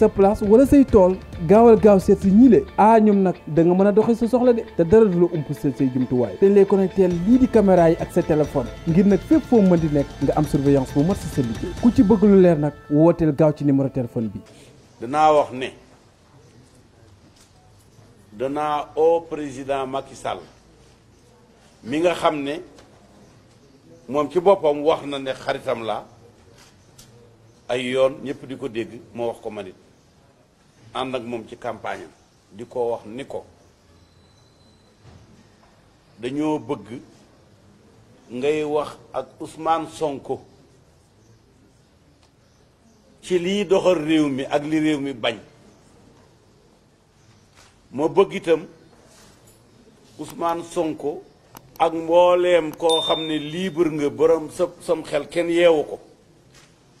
sa place wala say tool gaawal gaaw seet si ñiile ah ñoom nag danga mën a doxee sa soxla de te dara du la ump sa say jumtuwaay te ñu lay connecté lii di caméra yi ak sa téléphone ngir nag fépp foo mën di nekk nga am surveillance bu mat si sa liggéey ku ci bëggulu leer nag wooteel gaaw ci numéro téléphone bi. danaa wax ne danaa au président Macky Sall mi nga xam ne moom ci boppam wax na ne xaritam la ay yoon ñëpp di ko dégg moo wax ko manit ànd ak moom ci campagne di ko wax ni ko dañoo bëgg ngay wax ak usmaan Sonko ci liy doxal réew mi ak li réew mi bañ ma bëgg itam usmaan Sonko ak mbooleem koo xam ne libre nga borom sa sam xel kenn yeewu ko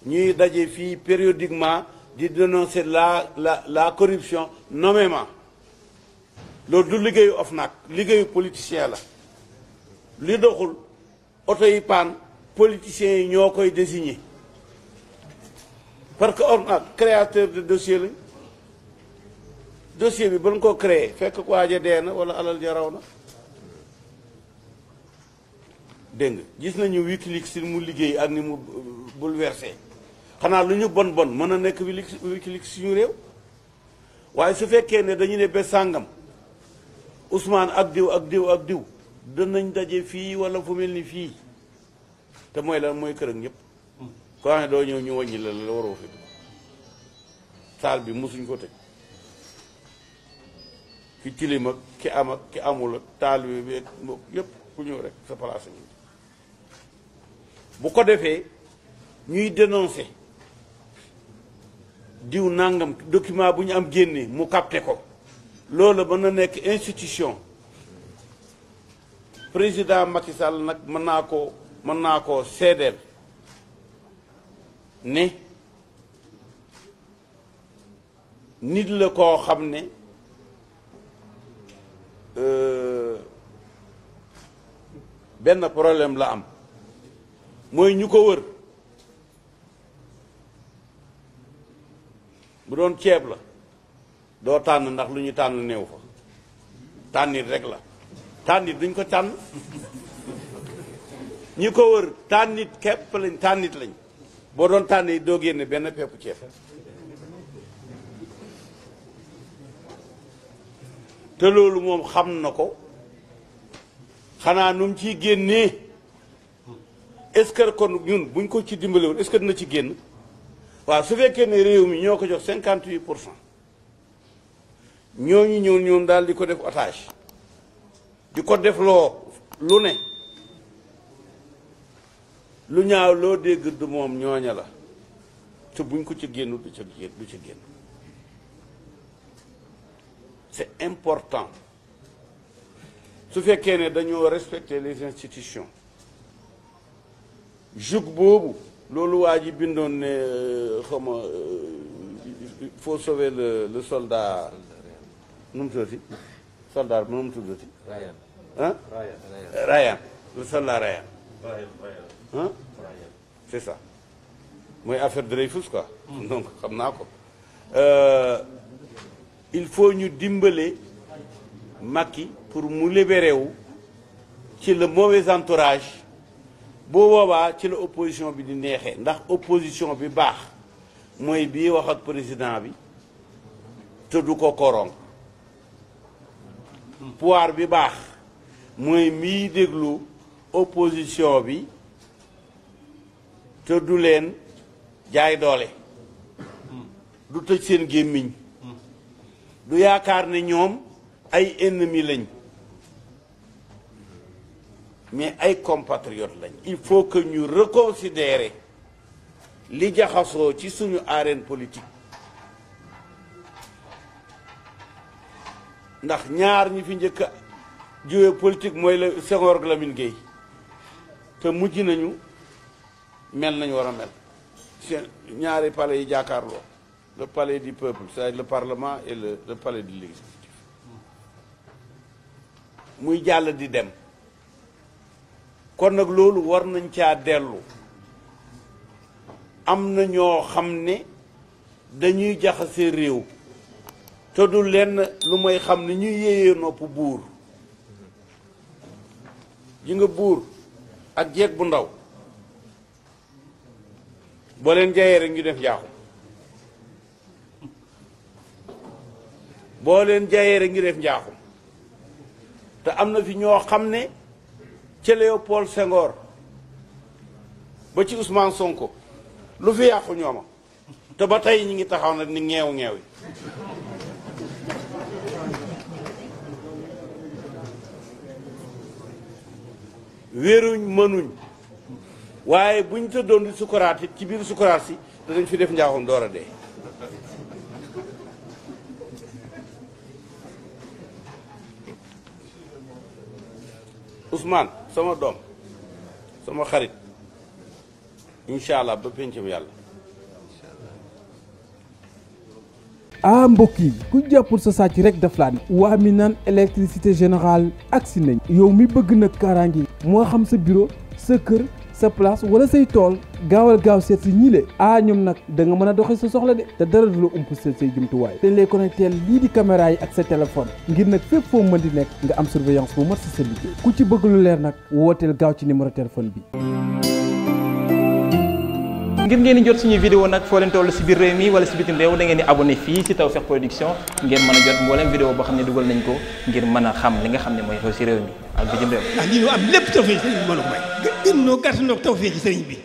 ñuy daje fii périodiquement di dénoncer la la la corruption nommément loolu du liggéeyu nag liggéeyu politicien la li doxul oto yi paan politiciens yi ñoo koy désigner parce que OFNAC créateur de dossier lañ dossier bi ba ñu ko créé fekk ko waaja dee na wala alal ja na dégg nga gis nañu Wikileaks si mu liggéey ak ni mu bouleversé xanaa lu ñu bon bon mën a nekk Wikileaks suñu réew waaye su fekkee ne dañu ne ba sàngam Ousmane ak diw ak diw ak diw danañ daje fii walla fu mel ni fii te mooy lan mooy kër ak ñëpp ko xam ne doo ñëw ñu wàññi la la waroo bi mosuñ ko tëj ki tilim ak ki am ak ki amul ak taalibe bi yëpp ku ñëw rek sa place bu ko defee ñuy dénoncer diw nangam document bu ñu am génne mu capté ko loolu mën na nekk institution président Macky Sall nag mën naa ko mën naa ko seddeel ne nit la koo xam ne euh, benn problème la am mooy ñu ko wër bu doon ceeb la doo tànn ndax lu ñu tànn néew fa tànnit rek la tànnit duñ ko tànn ñi ko wër tànnit képp lañ tànnit lañ boo doon tànn it doo génne benn peppu ceeb te loolu moom xam na ko xanaa nu mu ciy génnee est-ce que kon ñun buñ ko ci dimbaliwul est-ce que dina ci génn waa su fekkee ne réew mi ñoo ko jox cinquante huit pour cent ñooñu ñëw ñoom daal di ko def otage di ko def loo lu ne lu ñaaw loo dégg du moom ñooña la te buñ ko ci génn du ca génn du ca génn c'est important su fekkee ne dañoo respecter les institutions jug boobu loolu waa ji bindoon ne euh, xaw ma euh, sauver le le soldat nu mu tuddati soldat bi nu mu tuddati. Ryan ah. Ryan Ryan c'est ça mooy affaire Dreyfus quoi. Hmm. donc xam naa ko. Euh, il faut ñu dimbale Macky pour mu libéré ci le mauvais entourage. boo boobaa ci la opposition bi di neexee ndax opposition bi baax mooy bii wax ak président bi te du ko korong pouvoir bi baax mooy mii déglu opposition bi te du leen jaay doole du tëj seen gémmiñ du yaakaar ne ñoom ay ennemi lañ mais ay compatriotes lañ il faut que ñu reconsidérer li jaxasoo ci suñu arène politique ndax ñaar ñi fi njëkk a jiwee politique mooy la Senghor ak Lamine Gueye te mujj nañu mel nañu war a mel seen ñaari palais yi jàkkaarloo le palais di peuple c'est-à-dire le parlement et le le palais de muy jàll di dem kon nag loolu war nañ caa dellu am na ñoo xam ne dañuy jaxase réew te du lenn lu may xam ne ñuy yéeyee nopp buur ji nga buur ak jeeg bu ndaw boo leen jayee rek ñu def njaaxum boo leen jayee rek ñu def njaaxum te am na fi ñoo xam ne ca Léopold Senghor ba ci Ousmane Sonko lu fi yàqu ñooma te ba tey ñi ngi taxaw nag ni ñeew ñeew wéruñ mënuñ waaye buñ tëddoon di sukuraat ci biir sukuraat si danañ fi def njaaxum door a dee sama doom sama xarit incha allah ba pencam yàlla. ah mbokk yi ku jàppul sa sàcc rek daf laan waa mi naan électricité général agsi nañ yow mi bëgg nag kaaraange moo xam sa biro sa kër. sa place wala say tool gaawal gaaw seet si ñiile ah ñoom nag da nga mën a doxee sa soxla de te dara du la ump seet say jumtuwaay te ñu lay connecté lii di caméra yi ak sa téléphone ngir nag fépp foo mën di nekk nga am surveillance bu mat si sa liggéey ku ci bëgg leer nag wooteel gaaw ci numéro téléphone bi. ngir ngeen di jot suñu vidéo nag foo leen toll si biir réew mi wala si bitim réew da ngeen di abonné fii si Tawfekh Production ngeen mën a jot mboolem boo xam ne dugal nañ ko ngir mën a xam li nga xam ne mooy xew si réew mi. ak bi jëm réew. waaw lii ñu am lépp tawfeex sëriñ bi moo la ko may. gën noo bi.